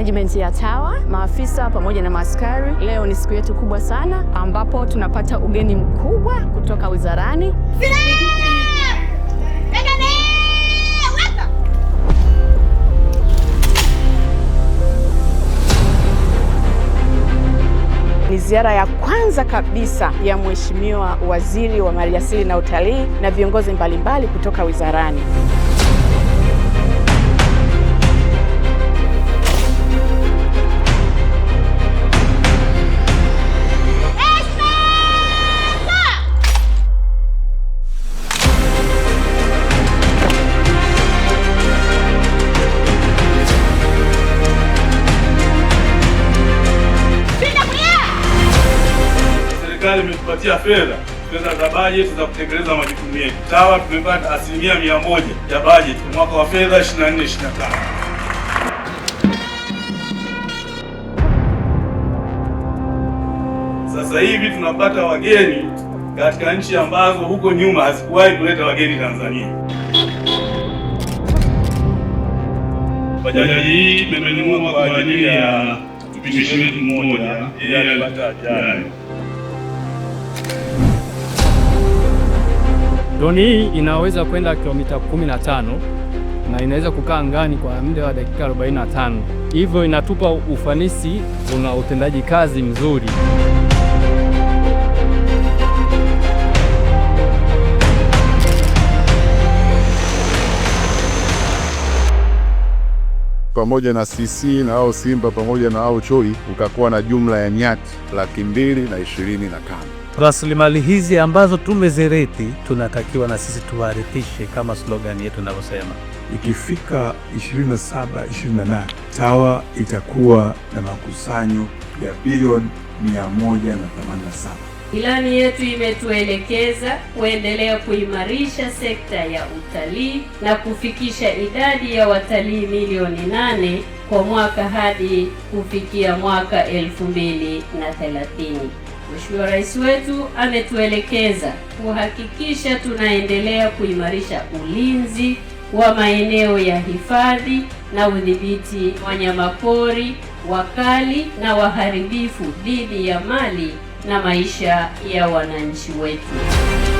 management ya TAWA, maafisa pamoja na maaskari. Leo ni siku yetu kubwa sana ambapo tunapata ugeni mkubwa kutoka wizarani. Ni ziara ya kwanza kabisa ya Mheshimiwa Waziri wa Maliasili na Utalii na viongozi mbalimbali kutoka wizarani. kutupatia fedha fedha za bajeti za kutekeleza majukumu yetu. TAWA tumepata asilimia mia moja ya bajeti mwaka wa fedha 24 25. Sasa hivi tunapata wageni katika nchi ambazo huko nyuma hazikuwahi kuleta wageni Tanzania. Bajaji hii imenunua kwa ajili ya mtumishi wetu mmoja, yeye alipata ajali Droni hii inaweza kwenda kilomita 15 na inaweza kukaa angani kwa muda wa dakika 45, hivyo inatupa ufanisi, una utendaji kazi mzuri. pamoja na CC na au Simba pamoja na au Choi ukakuwa na jumla ya nyati laki mbili na ishirini na tano rasilimali hizi ambazo tumezirithi tunatakiwa na sisi tuwarithishe, kama slogan yetu inavyosema. Ikifika 27 28 TAWA itakuwa na makusanyo ya bilioni 187. Ilani yetu imetuelekeza kuendelea kuimarisha sekta ya utalii na kufikisha idadi ya watalii milioni nane kwa mwaka hadi kufikia mwaka 2030. Mheshimiwa Rais wetu ametuelekeza kuhakikisha tunaendelea kuimarisha ulinzi wa maeneo ya hifadhi na udhibiti wanyamapori wakali na waharibifu dhidi ya mali na maisha ya wananchi wetu.